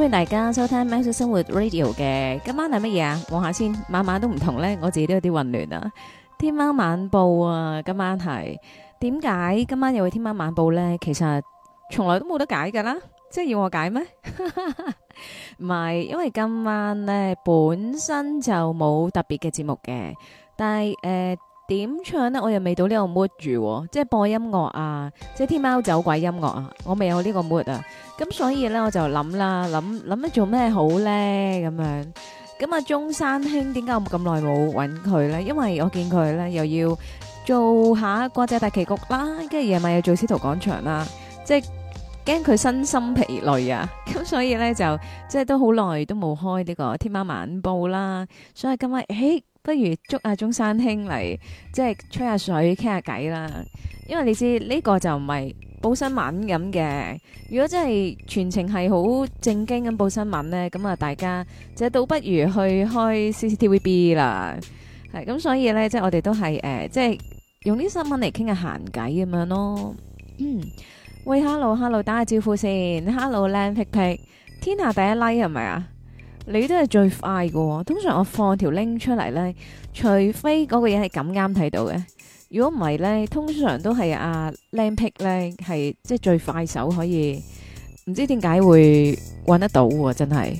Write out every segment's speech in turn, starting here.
歡迎大家收聽《喵式生活 Radio》嘅，今晚係乜嘢啊？望下先，晚晚都唔同咧，我自己都有啲混亂啊！《天喵晚報》啊，今晚係點解今晚又會《天喵晚報》咧？其實從來都冇得解㗎啦，即係要我解咩？哈哈，唔係，因為今晚咧本身就冇特別嘅節目嘅，但係誒。點唱咧？我又未到呢個 mood 住，即係播音樂啊，即係天貓走鬼音樂啊，我未有呢個 mood 啊。咁所以咧，我就諗啦，諗諗一做咩好咧？咁樣咁啊，中山兄，點解我咁耐冇搵佢咧？因為我見佢咧又要做下《國際大棋局》啦，跟住夜晚又做《司徒廣場》啦，即係驚佢身心疲累啊。咁所以咧就即係都好耐都冇開呢個《天貓晚報》啦。所以今日誒。不如捉阿中山兄嚟，即係吹下水，傾下偈啦。因為你知呢、這個就唔係報新聞咁嘅。如果真係全程係好正經咁報新聞呢，咁啊大家，就倒不如去開 CCTV B 啦。係咁，所以呢，即係我哋都係誒、呃，即係用啲新聞嚟傾下閒偈咁樣咯。嗯、喂，Hello，Hello，打下招呼先。Hello，Landpicpic，k k 天下第一 like 係咪啊？你都係最快嘅，通常我放條 link 出嚟咧，除非嗰個嘢係咁啱睇到嘅，如果唔係咧，通常都係阿 Lampick 咧係即係最快手可以，唔知點解會揾得到，真係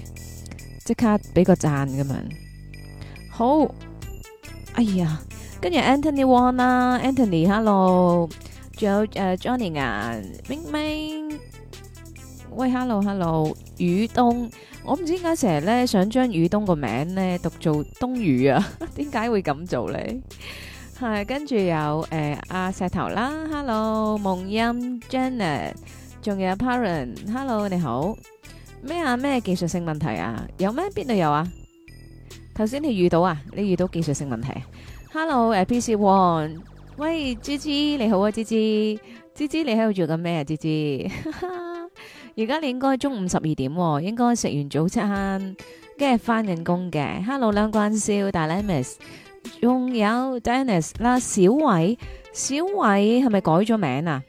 即刻俾個讚咁樣。好，哎呀，跟住 Anthony Won 啦，Anthony，hello，仲有誒 Johnny 啊，明明，喂，hello，hello，宇東。我唔知點解成日咧想將雨冬個名咧讀做冬雨啊？點解會咁做咧？係跟住有誒阿石頭啦，Hello，夢音，Janet，仲有 Parent，Hello，你好，咩啊？咩技術性問題啊？有咩邊度有啊？頭先你遇到啊？你遇到技術性問題？Hello，誒，PC One，喂，芝芝你好啊，芝芝，芝芝你喺度做緊咩啊，芝芝？而家你應該中午十二點，哦，應該食完早餐，跟住翻緊工嘅。Hello，兩關笑，大 lemus 仲有 dennis 啦，小偉，小偉係咪改咗名啊？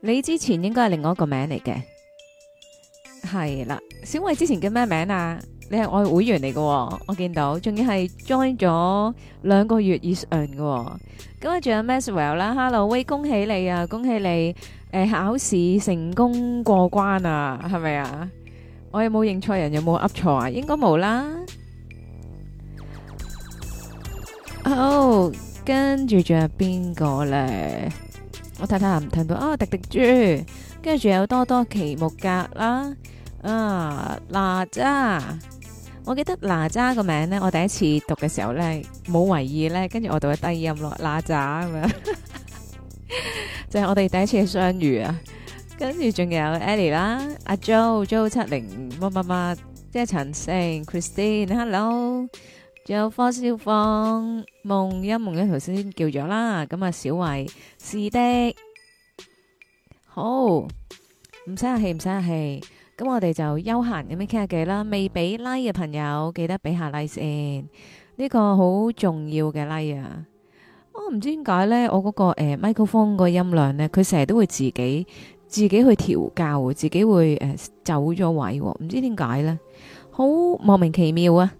你之前應該係另外一個名嚟嘅，係啦。小偉之前叫咩名啊？你係我會員嚟嘅、哦，我見到，仲要係 join 咗兩個月以上嘅、哦。咁啊，仲有 Maxwell 啦，hello 喂，恭喜你啊，恭喜你！誒，考試成功過關啊，係咪啊？我有冇認錯人？有冇噏錯啊？應該冇啦。好，跟住仲有邊個咧？我睇睇下唔聽到啊！迪迪豬，跟住仲有多多奇木格啦。啊，哪吒，我記得哪吒個名咧，我第一次讀嘅時候咧，冇為意咧，跟住我讀咗低音落哪吒咁樣。就係我哋第一次嘅相遇啊，跟住仲有 Ellie 啦，阿 Jo，Jo 七零乜乜乜，即係陳星 Christine，Hello，仲有方小鳳夢一夢一頭先叫咗啦，咁啊小慧是的，好唔使客氣唔使客氣，咁我哋就悠閒咁樣傾下偈啦，未俾 like 嘅朋友記得俾下 like 先，呢個好重要嘅 like 啊！我、哦、唔知點解咧，我嗰、那個誒呃、麥克風個音量咧，佢成日都會自己自己去調校，自己會誒、呃、走咗位、哦，唔知點解咧，好莫名其妙啊！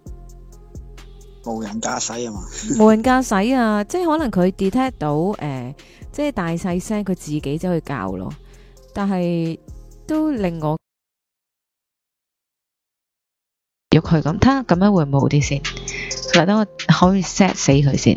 無人駕駛啊嘛，無人駕駛啊， 即係可能佢 detect 到誒、呃，即係大細聲佢自己走去教咯，但係都令我喐佢咁，睇下咁樣會唔會好啲先。嗱，等我可以 set 死佢先。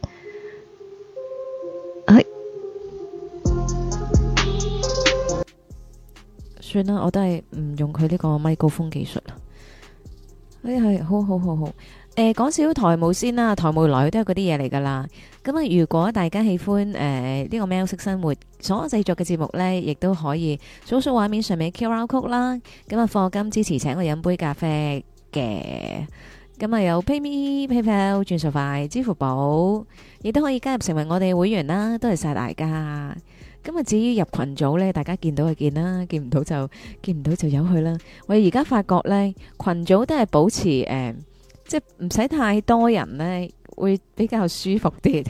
算啦，我都係唔用佢呢個咪高峰技術啦。哎係，好好好好。誒，講、呃、少台務先啦，台務女也有那些東西來都係嗰啲嘢嚟噶啦。咁啊，如果大家喜歡誒呢、呃這個 l 式生活，所有製作嘅節目呢，亦都可以搜索畫面上面 Q R 曲啦。咁日課金支持，請我飲杯咖啡嘅。咁日有 PayMe、PayPal、轉數快、支付寶，亦都可以加入成為我哋會員啦。多係晒大家。咁啊！至於入群組呢，大家見到就見啦，見唔到就見唔到就有去啦。我而家發覺呢，群組都係保持誒、呃，即係唔使太多人呢，會比較舒服啲。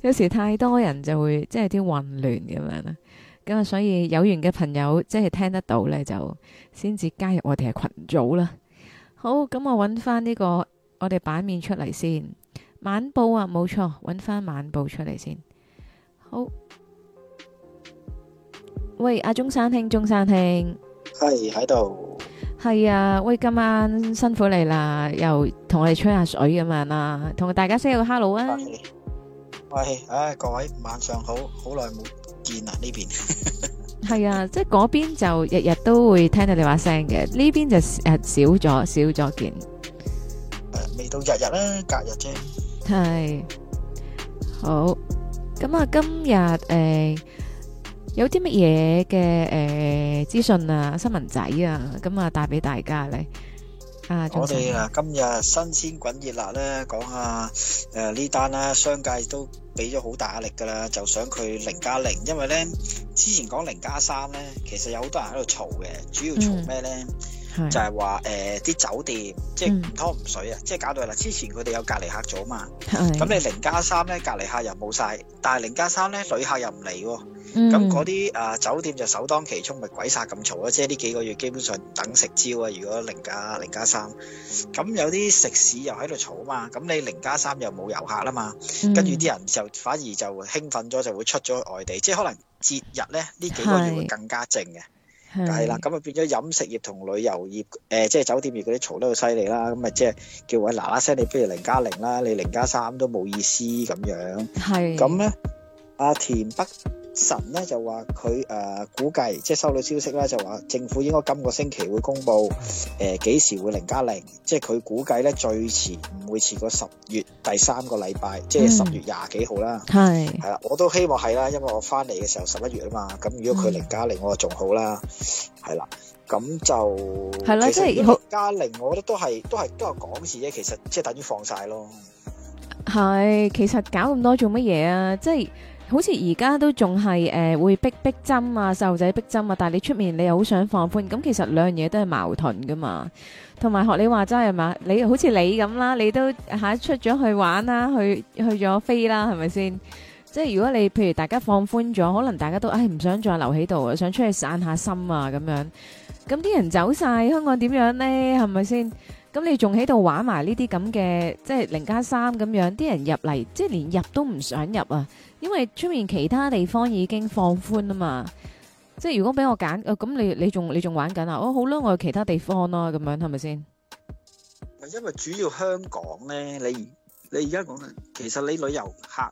有時太多人就會即係有啲混亂咁樣啦。咁啊，所以有緣嘅朋友即係聽得到呢，就先至加入我哋嘅群組啦。好，咁我揾翻呢個我哋版面出嚟先。晚報啊，冇錯，揾翻晚報出嚟先。好。喂，阿中山兄，中山兄，係喺度，係啊，喂，今晚辛苦你啦，又同我哋吹下水咁樣啊，同大家 say 個 hello 啊。喂，唉，各位晚上好，好耐冇見啦，呢邊係啊，即係嗰邊就日日都會聽到你話聲嘅，呢邊就誒少咗少咗見。誒，未到日日啦，隔日啫。係，好，咁啊，今日誒。有啲乜嘢嘅誒資訊啊，新聞仔啊，咁啊帶俾大家咧。啊，我哋啊今日新鮮滾熱辣咧，講下誒呢單啦，商界都俾咗好大壓力噶啦，就想佢零加零，因為咧之前講零加三咧，其實有好多人喺度嘈嘅，主要嘈咩咧？就係話誒啲酒店即係唔湯唔水啊！即係、嗯、搞到啦，之前佢哋有隔離客咗嘛，咁你零加三咧隔離客又冇晒；但係零加三咧旅客又唔嚟喎，咁嗰啲啊酒店就首當其衝咪鬼殺咁嘈咯，即係呢幾個月基本上等食蕉啊！如果零加零加三，咁有啲食肆又喺度嘈啊嘛，咁你零加三又冇遊客啦嘛，跟住啲人就反而就興奮咗就會出咗去外地，即係可能節日咧呢幾個月會更加靜嘅。係啦，咁啊，變咗飲食業同旅遊業，誒，即係酒店業嗰啲嘈得好犀利啦，咁啊即係叫位嗱嗱聲，你不如零加零啦，你零加三都冇意思咁樣，係，咁咧，阿田北。神咧，就話佢誒估計，即係收到消息呢，就話政府應該今個星期會公佈誒幾時會零加零，即係佢估計咧最遲唔會遲過十月第三個禮拜，嗯、即係十月廿幾號啦。係係啦，我都希望係啦，因為我翻嚟嘅時候十一月啊嘛，咁如果佢零加零，我就仲好啦。係啦，咁就係啦，即係如果零加零，我覺得都係都係都係講事啫。其實即係等於放晒咯。係，其實搞咁多做乜嘢啊？即係。好似而家都仲係誒會逼逼針啊，細路仔逼針啊，但係你出面你又好想放寬咁，其實兩樣嘢都係矛盾噶嘛。同埋學你話齋係嘛，你好似你咁啦，你都吓出咗去玩啦，去去咗飛啦，係咪先？即係如果你譬如大家放寬咗，可能大家都唉唔想再留喺度，想出去散下心啊，咁樣咁啲人走晒，香港點樣呢？係咪先？咁你仲喺度玩埋呢啲咁嘅，即係零加三咁樣，啲人入嚟，即係連入都唔想入啊！因為出面其他地方已經放寬啊嘛，即係如果俾我揀，咁、啊、你你仲你仲玩緊啊？哦，好啦，我去其他地方啦，啊，咁樣係咪先？因為主要香港呢，你。你而家講啊，其實你旅遊客，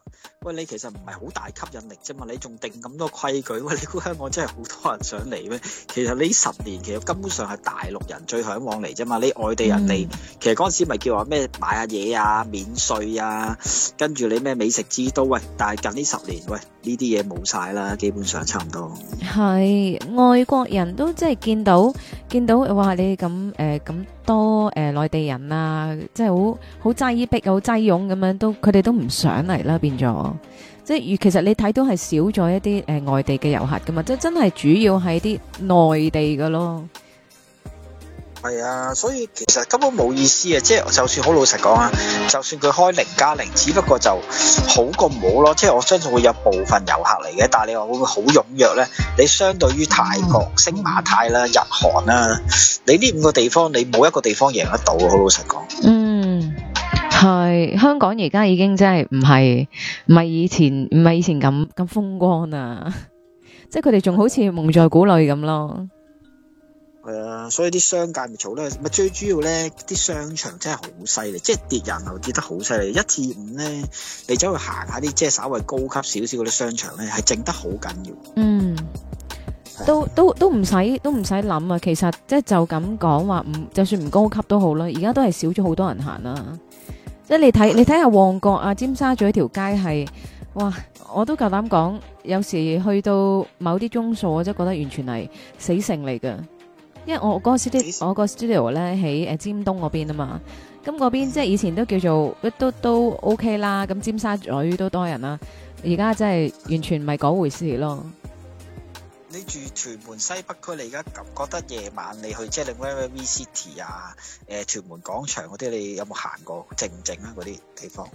喂你其實唔係好大吸引力啫嘛，你仲定咁多規矩，喂你估香港真係好多人想嚟咩？其實呢十年其實根本上係大陸人最嚮往嚟啫嘛，你外地人嚟，其實嗰陣時咪叫話咩買下嘢啊，免稅啊，跟住你咩美食之都，喂，但係近呢十年，喂呢啲嘢冇曬啦，基本上差唔多。係，外國人都即係見到。見到哇！你咁誒咁多誒、呃、內地人啊，即係好好擠逼、好擠擁咁樣，都佢哋都唔上嚟啦。變咗，即係其實你睇到係少咗一啲誒、呃、外地嘅遊客㗎嘛，即係真係主要係啲內地嘅咯。係啊，所以其實根本冇意思啊，即係就算好老實講啊，就算佢開零加零，只不過就好過冇咯。即係我相信會有部分遊客嚟嘅，但係你話會唔會好踊躍咧？你相對於泰國、星馬泰啦、日韓啦，啊，你呢五個地方，你冇一個地方贏得到，好老實講。嗯，係香港而家已經真係唔係唔係以前唔係以前咁咁風光啊， 即係佢哋仲好似蒙在鼓裏咁咯。係啊，所以啲商界咪嘈得咪最主要咧。啲商場真係好犀利，即係跌人流跌得好犀利。一至五咧，你走去行下啲即係稍微高級少少嗰啲商場咧，係整得好緊要。嗯，都都都唔使都唔使諗啊。其實即係就咁講話，唔就算唔高級都好而家都好啦。而家都係少咗好多人行啦、啊。即係你睇你睇下旺角啊，尖沙咀條街係哇，我都夠膽講，有時去到某啲鐘數，我真係覺得完全係死城嚟嘅。因為我個 studio 我個 studio 咧喺誒尖東嗰邊啊嘛，咁嗰邊即係以前都叫做都都 O、OK、K 啦。咁尖沙咀都多人啦，而家真係完全唔係嗰回事咯。你住屯門西北區，你而家覺得夜晚你去即係你 V City 啊、誒、呃、屯門廣場嗰啲，你有冇行過？靜唔靜啊？嗰啲地方誒唔、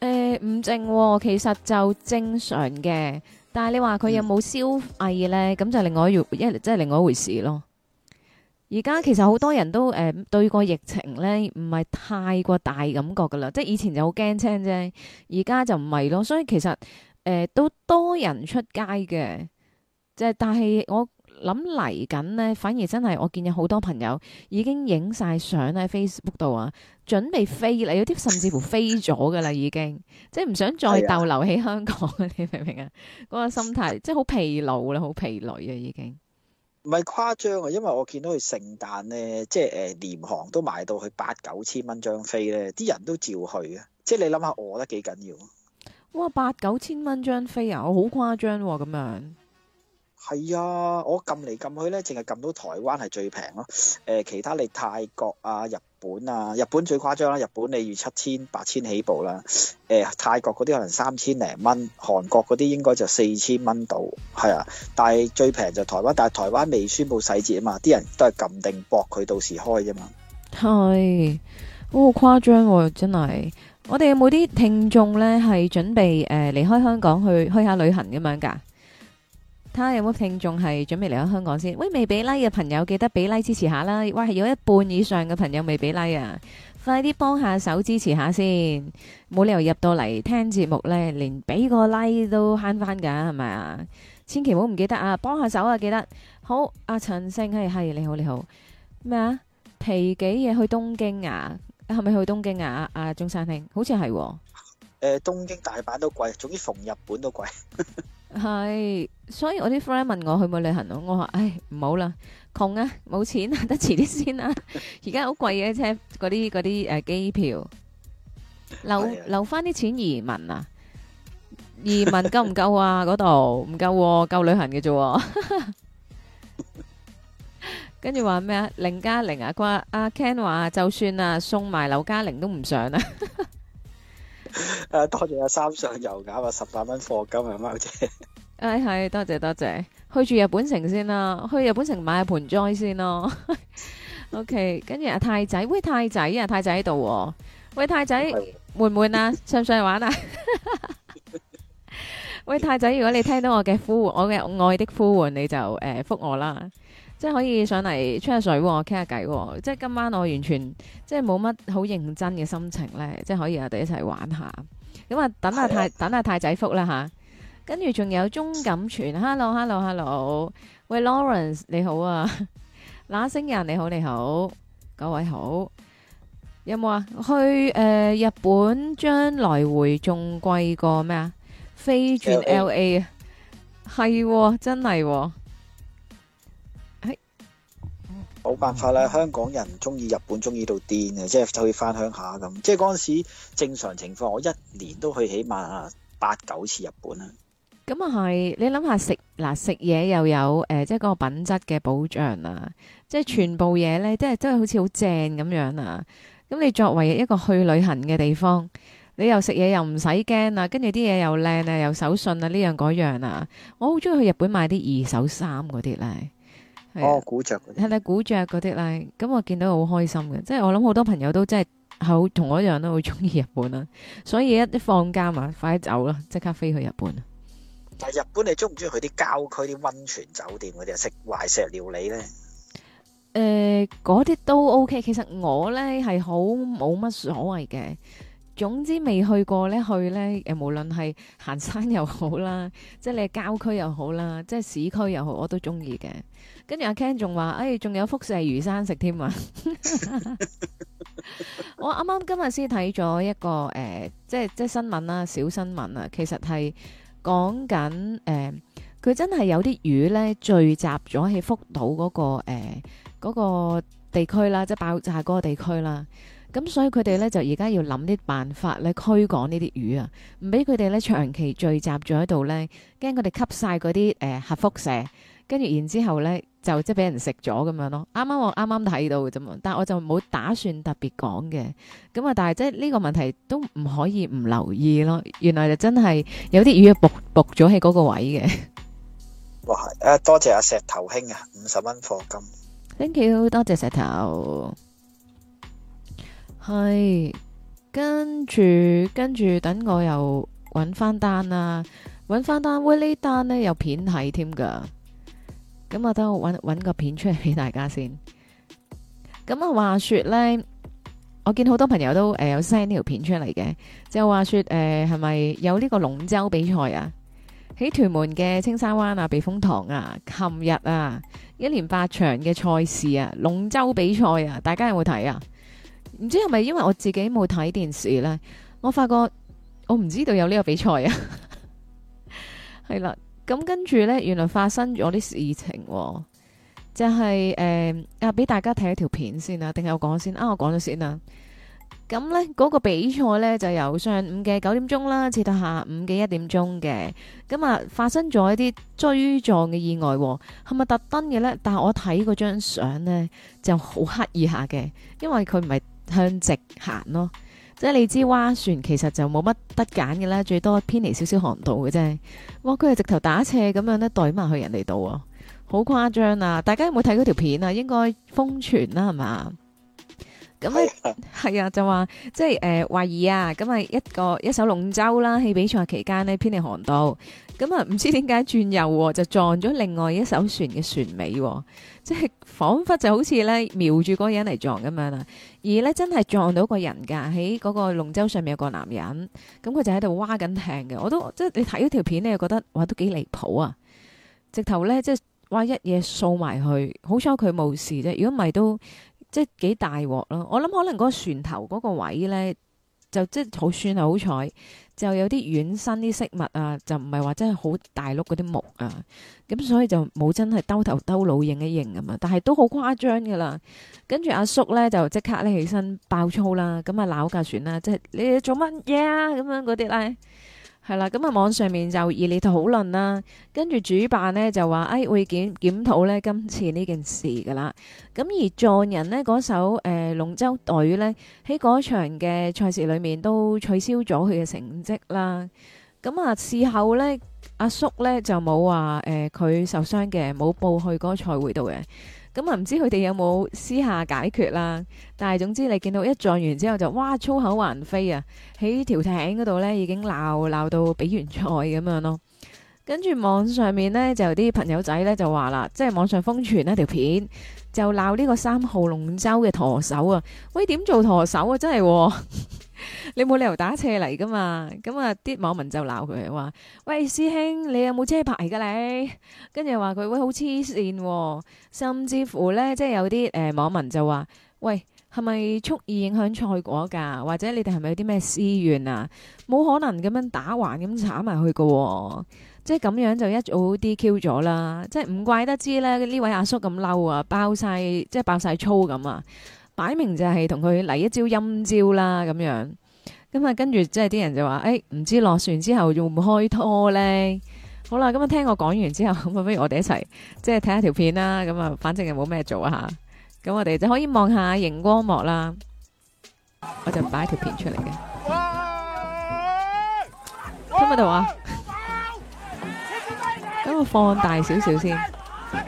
欸、靜，其實就正常嘅。但係你話佢有冇消費咧，咁、嗯、就另外一即係另外一回事咯。而家其實好多人都誒、呃、對個疫情咧唔係太過大感覺噶啦，即係以前就好驚青啫，而家就唔係咯。所以其實誒、呃、都多人出街嘅，就但係我諗嚟緊咧，反而真係我見有好多朋友已經影晒相喺 Facebook 度啊，準備飛啦，有啲甚至乎 飛咗噶啦，已經即係唔想再逗留喺香港。哎、你明唔明啊？嗰、嗰個心態即係好疲勞啦，好疲累啊，已經。唔係誇、就是、誇張啊，因為我見到佢聖誕咧，即係誒廉航都賣到去八九千蚊張飛咧，啲人都照去啊！即係你諗下，我得幾緊要？哇！八九千蚊張飛啊，我好誇張喎咁樣。係啊，我撳嚟撳去咧，淨係撳到台灣係最平咯。誒、呃，其他你泰國啊、日日本啊，日本最誇張啦，日本你預七千八千起步啦，啊，誒、呃，泰國嗰啲可能三千零蚊，韓國嗰啲應該就四千蚊到，係啊，但係最平就台灣，但係台灣未宣布細節啊嘛，啲人都係撳定搏佢到時開啫嘛，係，好誇張真係，我哋有冇啲聽眾呢係準備誒離、呃、開香港去開下旅行咁樣噶？睇下有冇聽眾係準備嚟咗香港先？喂，未俾 like 嘅、啊、朋友記得俾 like 支持下啦！喂，係有一半以上嘅朋友未俾 like 啊，快啲幫下手支持下先！冇理由入到嚟聽節目咧，連俾個 like 都慳翻噶，係咪啊？千祈唔好唔記得啊，幫下手啊，記得！好，阿陳星係，係你好你好咩啊？皮幾嘢去東京啊？係咪去東京啊？阿、啊、中山兄好似係，誒，東京大阪都貴，總之逢日本都貴。 係，所以我啲 friend 問我去唔去旅行咯，我話唉，唔好啦，窮啊，冇錢啊，得遲啲先啊，而家好貴嘅車，嗰啲嗰啲誒機票，留留翻啲錢移民啊，移民夠唔夠啊？嗰度唔夠，夠旅行嘅啫，跟住話咩啊？劉嘉玲啊，佢話阿 Ken 話就算啊，送埋劉嘉玲都唔上啊。誒、 哎，多謝阿三上油覽啊，十八蚊貨金啊，貓姐。誒，係多謝多謝，去住日本城先啦、啊，去日本城買下 j 栽先咯、啊。 OK，跟住阿太仔，喂，太仔啊，太仔喺度、啊，喂，太仔，玩 唔、啊、玩啊？上唔上玩啊？喂，太仔，如果你聽到我嘅呼喚，我嘅愛的呼喚，你就誒，覆、呃、我啦。即係可以上嚟吹下水，傾下偈。即係今晚我完全即係冇乜好認真嘅心情咧，即係可以我哋一齊玩一下。咁啊、哎，等下泰等阿泰仔福啦吓。跟住仲有鍾錦全，hello hello hello。喂，Lawrence 你好啊，那星人你好你好，各位好。有冇啊？去誒、呃、日本將來回仲貴過咩啊？飛轉 L A 啊？係、哦、真係、哦。冇辦法啦，香港人中意日本中意到癲啊！即係就去翻鄉下咁，即係嗰陣時正常情況，我一年都去起碼八九次日本啦。咁啊係，你諗下食嗱食嘢又有誒，即係嗰個品質嘅保障啊！即係全部嘢呢，即係真係好似好正咁樣啊！咁你作為一個去旅行嘅地方，你又食嘢又唔使驚啊，跟住啲嘢又靚啊，又手信啊，呢樣嗰樣啊，我好中意去日本買啲二手衫嗰啲呢。我古、啊哦、着，係啦古着嗰啲啦，咁我見到好開心嘅，即係我諗好多朋友都即係好同我一樣都好中意日本啦，啊，所以一放假嘛，快啲走啦，啊，即刻飛去日本。但日本你中唔中意去啲郊區啲溫泉酒店嗰啲啊食懷石料理咧？誒、呃，嗰啲都 OK，其實我咧係好冇乜所謂嘅。總之未去過呢，去呢，誒，無論係行山又好啦，即係你係郊區又好啦，即係市區又好，我都中意嘅。跟住阿 Ken 仲話，誒、哎，仲有輻射魚生食添啊！ 我啱啱今日先睇咗一個誒、呃，即係即係新聞啦，小新聞啊，其實係講緊誒，佢、呃、真係有啲魚呢，聚集咗喺福島嗰、那個誒、呃那個地區啦，即係爆炸嗰個地區啦。咁所以佢哋咧就而家要諗啲辦法咧驅趕呢啲魚啊，唔俾佢哋咧長期聚集咗喺度咧，驚佢哋吸晒嗰啲誒核輻射，跟住然之後咧就即係俾人食咗咁樣咯。啱啱我啱啱睇到嘅啫嘛，但係我就冇打算特別講嘅。咁啊，但係即係呢個問題都唔可以唔留意咯。原來就真係有啲魚啊，伏伏咗喺嗰個位嘅。哇！誒、啊，多謝阿石頭兄啊，五十蚊貨金。Thank you，多謝石頭。係，跟住跟住，等我又揾翻單啦，啊，揾翻單，會呢單呢有片睇添噶，咁我都揾揾個片出嚟俾大家先。咁啊，話說呢，我見好多朋友都誒有 send 呢條片出嚟嘅，就話說誒係咪有呢個龍舟比賽啊？喺屯門嘅青山灣啊、避風塘啊，琴日啊，一連八場嘅賽事啊，龍舟比賽啊，大家有冇睇啊？唔知係咪因為我自己冇睇電視呢？我發覺我唔知道有呢個比賽啊，係 啦，咁跟住呢，原來發生咗啲事情，就係、是、誒、呃、啊，俾大家睇一條片先啊，定係我講先說啊？我講咗先啊，咁呢，嗰、那個比賽呢，就由上午嘅九點鐘啦，至到下午嘅一點鐘嘅，咁啊發生咗一啲追撞嘅意外，係咪特登嘅呢？但係我睇嗰張相呢，就好刻意下嘅，因為佢唔係。向直行咯，即係你知蛙船其實就冇乜得揀嘅啦，最多偏離少少航道嘅啫。哇佢係直頭打斜咁樣咧，倒埋去人哋度啊，好誇張啊！大家有冇睇嗰條片啊？應該瘋傳啦，係嘛？咁咧係啊，就話即係誒懷疑啊，今日一個一艘龍舟啦，喺比賽期間呢，偏離航道。咁、嗯、啊，唔知點解轉右就撞咗另外一艘船嘅船尾，啊，即係仿佛就好似咧瞄住嗰個人嚟撞咁樣啦。而咧真係撞到個人噶，喺嗰個龍舟上面有個男人，咁、嗯、佢、嗯、就喺度划緊艇嘅。我都即係你睇咗條片你又覺得哇都幾離譜啊！直頭咧即係哇一嘢掃埋去，好彩佢冇事啫。如果唔係都即係幾大鑊咯。我諗可能嗰個船頭嗰個位咧，就即係好算係好彩。就有啲軟身啲飾物啊，就唔係話真係好大碌嗰啲木啊，咁所以就冇真係兜頭兜腦影一影咁嘛，但係都好誇張噶啦。跟住阿叔咧就即刻咧起身爆粗啦，咁啊鬧架算啦，即係你哋做乜嘢啊咁樣嗰啲咧。係啦，咁啊網上面就熱烈討論啦，跟住主辦呢就話，哎會檢檢討呢今次呢件事噶啦，咁而撞人呢嗰首誒龍舟隊呢，喺嗰場嘅賽事裏面都取消咗佢嘅成績啦，咁、嗯、啊事後呢，阿叔呢就冇話誒佢受傷嘅，冇報去嗰個賽會度嘅。咁啊，唔知佢哋有冇私下解決啦？但係總之你見到一撞完之後就哇粗口橫飛啊，喺條艇嗰度呢已經鬧鬧到比完賽咁樣咯。跟住網上面呢，就啲朋友仔呢就話啦，即係網上瘋傳一條片，就鬧呢個三號龍舟嘅舵手啊！喂，點做舵手啊？真係、哦。 你冇理由打車嚟？噶嘛？咁啊，啲網民就鬧佢話，喂，師兄，你有冇車牌噶你？跟住又話佢會好黐線，甚至乎呢，即係有啲誒、呃、網民就話，喂，係咪蓄意影響賽果㗎？或者你哋係咪有啲咩私怨啊？冇可能咁樣打橫咁鏟埋去噶，啊，即係咁樣就一早 D Q 咗啦。即係唔怪得知呢位阿叔咁嬲啊，包爆晒即係爆晒粗咁啊！擺明就係同佢嚟一招陰招啦，咁樣，咁啊跟住即係啲人就話，誒、欸，唔知落船之後會唔會開拖咧？好啦，咁啊聽我講完之後，咁啊不如我哋一齊即係睇下條片啦，咁啊反正又冇咩做吓，咁、啊、我哋就可以望下熒光幕啦，嗯、我就擺條片出嚟嘅，聽唔聽到啊？咁啊、 嗯、放大少少先，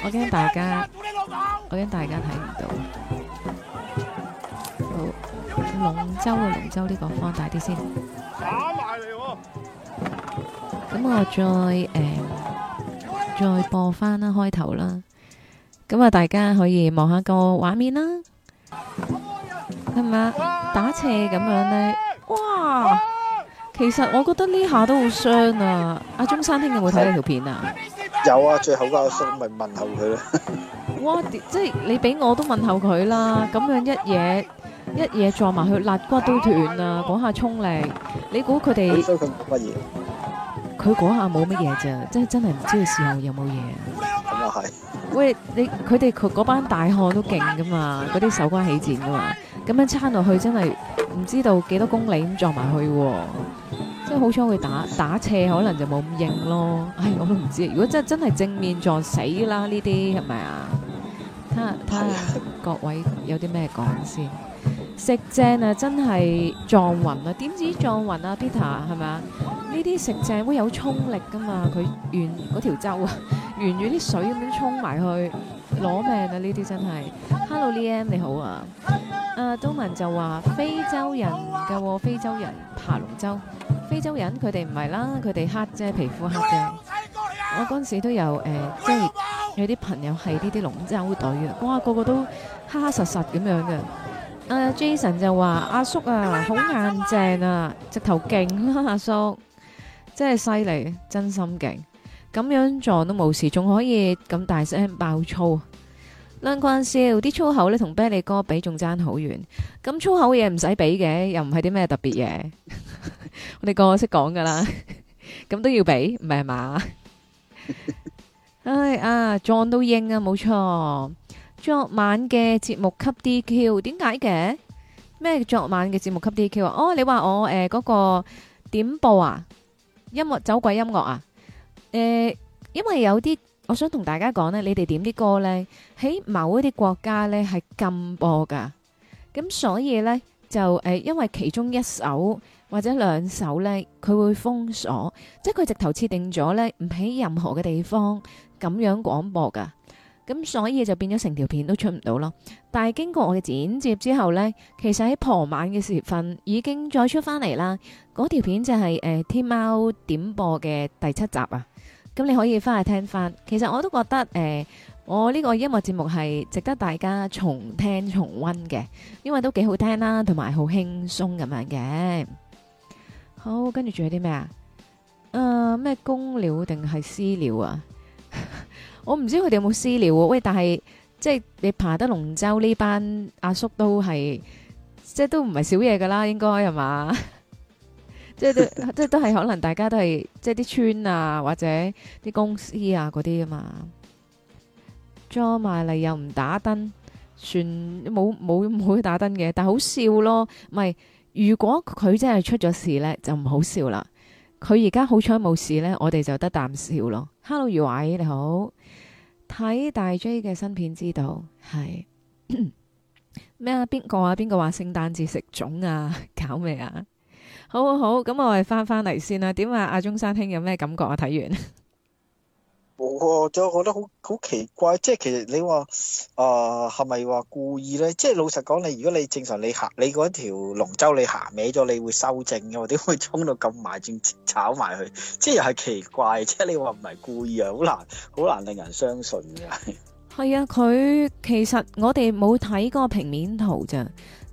我驚大家，我驚大家睇唔到。龍舟啊，龍舟呢個放大啲先。打埋嚟我。咁我再誒，再播翻啦開頭啦。咁啊，大家可以望下個畫面啦。係咪打斜咁樣咧？哇，其實我覺得呢下都好傷啊！阿中山兄有冇睇呢條片啊？有啊，最後嗰個傷咪問候佢咯。哇，即係你俾我都問候佢啦，咁樣一嘢。一嘢撞埋去，肋骨都斷啊！嗰下衝力，你估佢哋？佢嗰下冇乜嘢啫，真係真係唔知嘅時候有冇嘢。咁又係。喂，你佢哋嗰班大漢都勁噶嘛？嗰啲手瓜起戰噶嘛？咁樣撐落去真係唔知道幾多公里咁撞埋去，即係好彩佢打打斜可能就冇咁硬咯。唉，我都唔知。如果真真係正面撞死啦，呢啲係咪啊？睇下睇下，看看看看各位有啲咩講先？食正啊，真係撞暈啊！點知撞暈啊，Peter 係咪啊？呢啲食正會有衝力噶嘛？佢沿嗰條舟啊，沿住啲水咁樣衝埋去，攞命啊！呢啲真係。Hello Liam 你好啊。啊，東文就話非洲人嘅喎，非洲人爬龍舟。非洲人佢哋唔係啦，佢哋黑啫，皮膚黑啫。我嗰陣時都有誒、呃，即係有啲朋友係呢啲龍舟隊嘅，哇，個個都黑黑實實咁樣嘅。阿 Jason 就話：阿叔啊，好硬正啊，直頭勁啦，阿叔真係犀利，真心勁。咁樣撞都冇事，仲可以咁大聲爆粗，兩個笑啲粗口咧，同 Billy 哥比仲爭好遠。咁粗口嘢唔使俾嘅，又唔係啲咩特別嘢。我哋個個識講噶啦，咁都要俾，唔係嘛？唉啊，撞都應啊，冇錯。昨晚嘅節目給 DQ 點解嘅？咩昨晚嘅節目給 DQ 啊？哦，你話我誒嗰個點播啊？音樂走鬼音樂啊？誒，因為有啲我想同大家講咧，你哋點啲歌咧喺某一啲國家咧係禁播噶，咁所以咧就誒因為其中一首或者兩首咧佢會封鎖，即係佢直頭設定咗咧唔喺任何嘅地方咁樣廣播噶。咁所以就變咗成條片都出唔到咯。但係經過我嘅剪接之後呢，其實喺傍晚嘅時分已經再出翻嚟啦。嗰條片就係、是、誒、呃、天貓點播嘅第七集啊。咁你可以翻去聽翻。其實我都覺得誒、呃，我呢個音樂節目係值得大家重聽重溫嘅，因為都幾好聽啦，同埋好輕鬆咁樣嘅。好，跟住仲有啲咩啊？誒、呃，咩公了定係私了啊？我唔知佢哋有冇私聊喎，喂！但係即係你爬得龍舟呢班阿叔都係，即係都唔係少嘢噶啦，應該係嘛？即係都即係都係可能大家都係即係啲村啊或者啲公司啊嗰啲啊嘛，裝埋嚟又唔打燈，算冇冇冇打燈嘅，但係好笑咯。唔係如果佢真係出咗事咧，就唔好笑啦。佢而家好彩冇事咧，我哋就得啖笑咯。Hello，余偉你好。睇大 J 嘅新片知道係咩 啊？邊個啊？邊個話聖誕節食粽啊？搞咩啊？好好好，咁我哋翻返嚟先啦。點啊？阿中山兄有咩感覺啊？睇完。哦、我就覺得好好奇怪，即係其實你話啊係咪話故意呢？即係老實講，你如果你正常你行你嗰條龍舟你行歪咗，你會修正嘅喎，點會衝到咁埋正炒埋佢？即係又係奇怪，即係你話唔係故意啊，好難好難令人相信嘅。係啊，佢其實我哋冇睇過平面圖咋。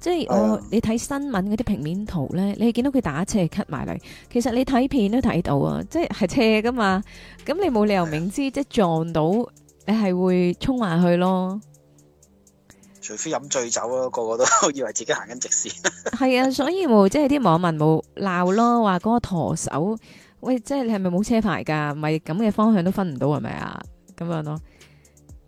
即係我、oh yeah. 哦，你睇新聞嗰啲平面圖咧，你係見到佢打斜 cut 埋嚟。其實你睇片都睇到啊，即係斜噶嘛。咁你冇理由明知、yeah. 即撞到，你係會衝埋去咯。除非飲醉酒咯，個個都以為自己行緊直線。係 啊，所以冇即係啲網民冇鬧咯，話 嗰個舵手，喂，即係你係咪冇車牌噶？咪咁嘅方向都分唔到係咪啊？咁樣咯。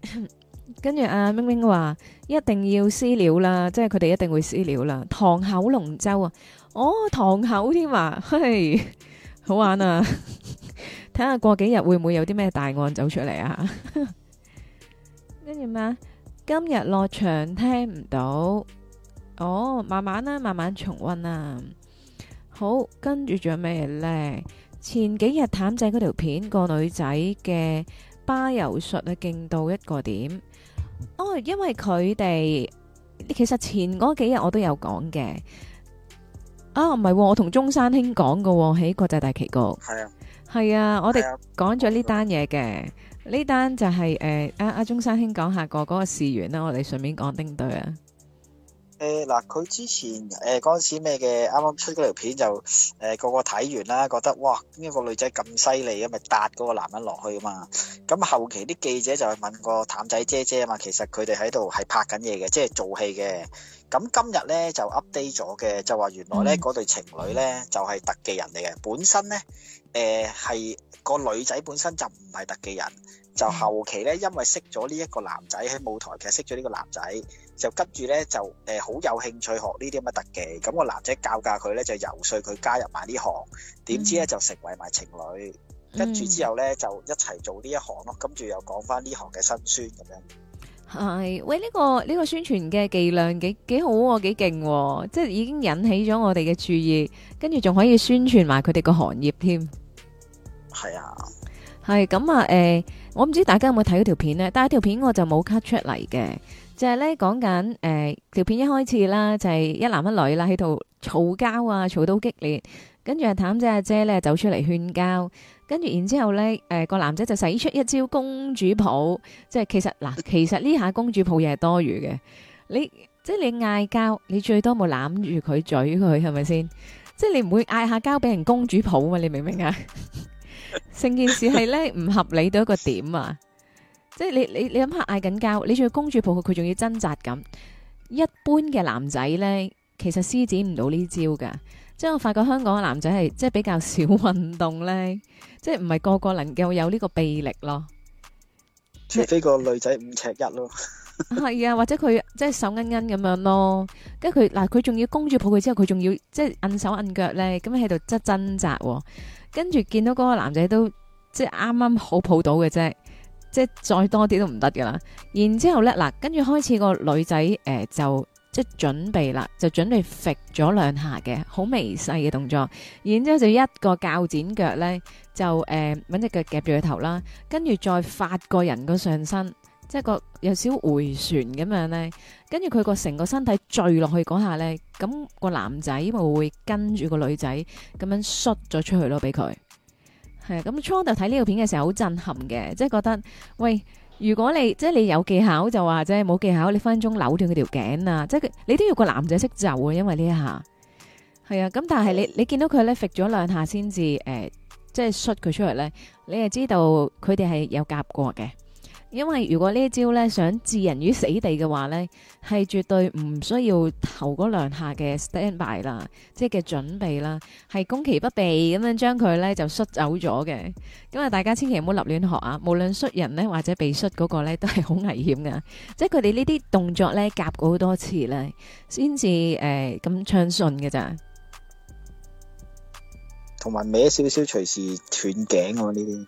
跟住阿明明話，一定要私了啦，即係佢哋一定會私了啦。堂口龍舟啊，哦堂口添啊，嘿好玩啊，睇下過幾日會唔會有啲咩大案走出嚟啊？跟住咩？今日落場聽唔到，哦慢慢啦，慢慢重溫啊。好，跟住仲有咩咧？前幾日譚仔嗰條片，個女仔嘅巴柔術啊，勁到一個點。哦，因為佢哋其實前嗰幾日我都有講嘅，啊唔係，我同中山兄講過喺國際大旗局，係、就是呃、啊，係啊，我哋講咗呢單嘢嘅，呢單就係誒阿阿中山兄講下個嗰個事源啦，我哋順便講丁隊啊。誒、呃、嗱，佢之前誒嗰陣時咩嘅，啱啱出嗰條片就誒個個睇完啦，覺得哇，呢、這個女仔咁犀利啊，咪搭個男人落去啊嘛。咁後期啲記者就去問個淡仔姐姐啊嘛，其實佢哋喺度係拍緊嘢嘅，即係做戲嘅。咁今日咧就 update 咗嘅，就話原來咧嗰、嗯、對情侶咧就係、是、特技人嚟嘅，本身咧誒係個女仔本身就唔係特技人。就後期咧，因為識咗呢一個男仔喺舞台，其實識咗呢個男仔，就跟住咧就誒好有興趣學呢啲咁嘅特技。咁個男仔教教佢咧，就遊説佢加入埋呢行。點知咧就成為埋情侶，跟住之後咧就一齊做呢一行咯。跟住又講返呢行嘅辛酸咁樣。係。喂，呢個呢個宣傳嘅伎量幾幾好喎，幾勁喎！即係已經引起咗我哋嘅注意，跟住仲可以宣傳埋佢哋個行業添。係啊，係咁啊，誒。我唔知大家有冇睇過條片呢？但係條片我就冇 cut 出嚟嘅，就係咧講緊誒條片一開始啦，就係、是、一男一女啦喺度吵交啊，吵到激烈，跟住阿譚姐阿姐咧走出嚟勸交，跟住然之後咧誒個男仔就使出一招公主抱，即係其實嗱，其實呢下公主抱又係多餘嘅，你即係你嗌交，你最多冇攬住佢嘴佢係咪先？即係你唔會嗌下交俾人公主抱嘛？你明唔明啊？ 成 件事係咧唔合理到一個點啊！即係你你你諗下，嗌緊交，你仲要公主抱佢，佢仲要掙扎咁。一般嘅男仔咧，其實施展唔到呢招噶。即係我發覺香港嘅男仔係即係比較少運動咧，即係唔係個個能夠有呢個臂力咯。除非個女仔五尺一咯。係 啊，或者佢即係手恩恩咁樣咯，跟住佢，嗱，佢仲要公主抱佢之後，佢仲要即係摁手摁腳咧，咁喺度即係掙扎。跟住見到嗰個男仔都即係啱啱好抱到嘅啫，即係再多啲都唔得㗎啦。然之後呢，嗱，跟住開始個女仔就即係準備啦，就準備揈咗兩下嘅，好微細嘅動作。然之後就一個鉸剪腳呢，就誒揾隻腳夾住個頭啦，跟住再發個人個上身。即係個有少回旋咁樣咧，跟住佢個成個身體墜落去嗰下咧，咁個男仔會會跟住個女仔咁樣摔咗出去咯，俾佢係啊。咁初頭睇呢個片嘅時候好震撼嘅，即係覺得喂，如果你即係你有技巧就話，即係冇技巧你分分鐘扭斷佢條頸啊！即係你都要個男仔識走啊，因為呢一下係啊。咁但係你你見到佢咧揈咗兩下先至誒，即係摔佢出嚟咧，你係知道佢哋係有夾過嘅。因為如果呢一招咧想置人於死地嘅話咧，係絕對唔需要頭嗰兩下嘅 stand by 啦，即係嘅準備啦，係攻其不備咁樣將佢咧就摔走咗嘅。咁啊，大家千祈唔好立亂學啊！無論摔人咧或者被摔嗰個咧，都係好危險㗎。即係佢哋呢啲動作咧夾過好多次咧，先至誒咁暢順嘅咋。同埋歪少少，隨時斷頸喎呢啲。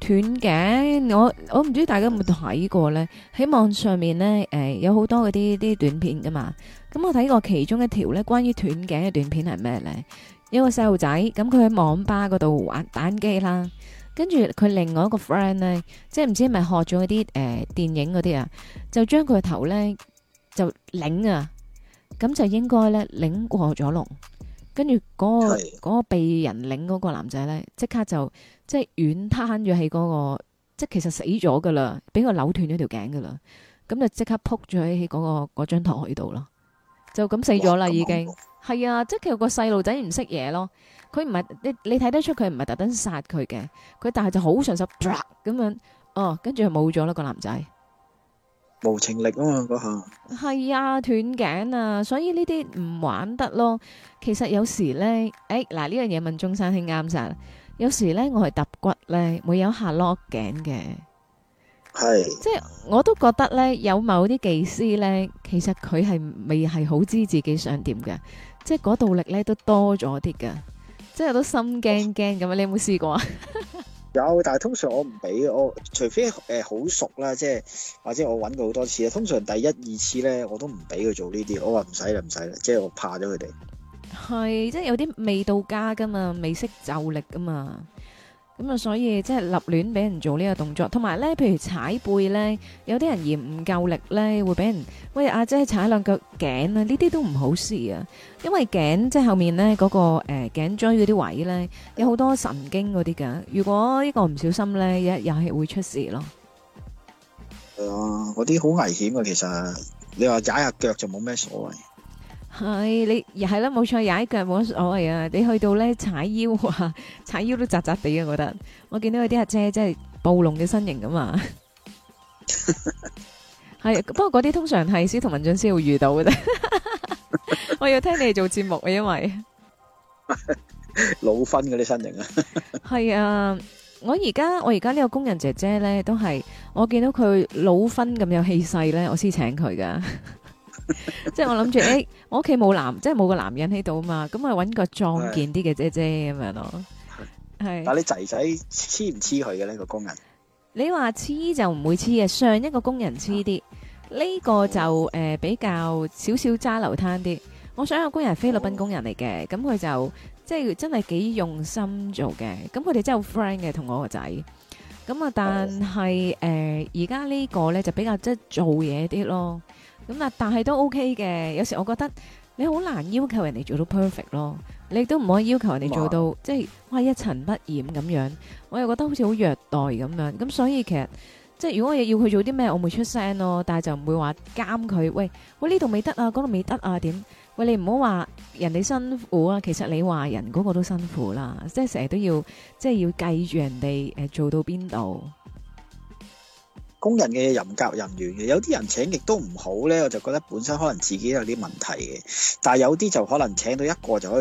斷頸，我我唔知大家有冇睇過呢？喺網上面呢，誒、欸、有好多嗰啲啲短片㗎嘛，咁我睇過其中一條呢，關於斷頸嘅短片係咩呢？一個細路仔，咁佢喺網吧嗰度玩單機啦，跟住佢另外一個 friend 呢，即係唔知係咪學咗啲誒電影嗰啲啊，就將佢頭呢就擰啊，咁就應該呢擰過咗龍。跟住嗰個嗰個被人領嗰個男仔咧，即刻就即係係軟攤住喺嗰個，即其實死咗噶啦，俾佢扭斷咗條頸噶啦，咁就即刻仆住喺嗰個嗰張台度咯，就咁死咗啦，已經係啊，即係其實個細路仔唔識嘢咯，佢唔係，你你睇得出佢唔係特登殺佢嘅，佢但係就好順手咁樣，哦，跟住就冇咗啦個男仔。無情力啊嘛，嗰下係啊，斷頸啊，所以呢啲唔玩得咯。其實有時呢，誒嗱呢樣嘢問中山兄啱晒。有時呢，我係揼骨呢，會有下落頸嘅，係即係我都覺得呢，有某啲技師呢，其實佢係未係好知自己想點嘅，即係嗰道力呢都多咗啲噶，即係都心驚驚咁啊！你有冇試過啊？ 有，但係通常我唔俾，我除非誒好、呃、熟啦，即係或者我揾佢好多次啦。通常第一二次咧，我都唔俾佢做呢啲，我話唔使啦，唔使啦，即係我怕咗佢哋。係，即係有啲未到家噶嘛，未識就力噶嘛。咁、嗯、啊，所以即係立亂俾人做呢個動作，同埋咧，譬如踩背咧，有啲人嫌唔夠力咧，會俾人喂阿姐踩兩腳頸咧，啊，呢啲都唔好事啊！因為頸即係後面咧嗰，那個誒、呃、頸椎嗰啲位咧，有好多神經嗰啲噶，如果呢個唔小心咧，一日又係會出事咯。係啊，嗰啲好危險噶，其實你話踩一下腳就冇咩所謂。係你係啦，冇錯，踩腳冇所謂啊！你去到咧踩腰啊，踩腰都扎扎地啊！我覺得，我見到佢啲阿姐真係暴龍嘅身形噶嘛。係， 不過嗰啲通常係司徒文進先會遇到嘅。 我要聽你做節目啊，因為 老分嗰啲身形啊。係 啊，我而家我而家呢個工人姐姐咧，都係我見到佢老分咁有氣勢咧，我先請佢噶。 即係我諗住，誒、欸，我屋企冇男，即係冇個男人喺度啊嘛，咁啊搵個壯健啲嘅姐姐咁樣咯。係。 但你仔仔黐唔黐佢嘅呢、呢個工人？你話黐就唔會黐嘅。上一個工人黐啲，呢、啊呢個就誒、哦呃、比較少少揸流灘啲。我上一個工人係菲律賓工人嚟嘅，咁、哦、佢就即係真係幾用心做嘅。咁佢哋真係好 friend 嘅，同我個仔。咁啊，但係誒而家呢個咧就比較即係、就是、做嘢啲咯。咁但係都 O K 嘅。有時我覺得你好難要求人哋做到 perfect 咯，你都唔可以要求人哋做到哇，即係，喂一塵不染咁樣。我又覺得好似好虐待咁樣。咁所以其實即係如果我要佢做啲咩，我會出聲咯，但係就唔會話監佢。喂，我呢度未得啊，嗰度未得啊，點？喂，你唔好話人哋辛苦啊，其實你話人嗰個都辛苦啦，即係成日都要即係要計住人哋誒做到邊度。工人嘅人格人緣嘅，有啲人請亦都唔好咧，我就覺得本身可能自己有啲問題嘅，但係有啲就可能請到一個就可以。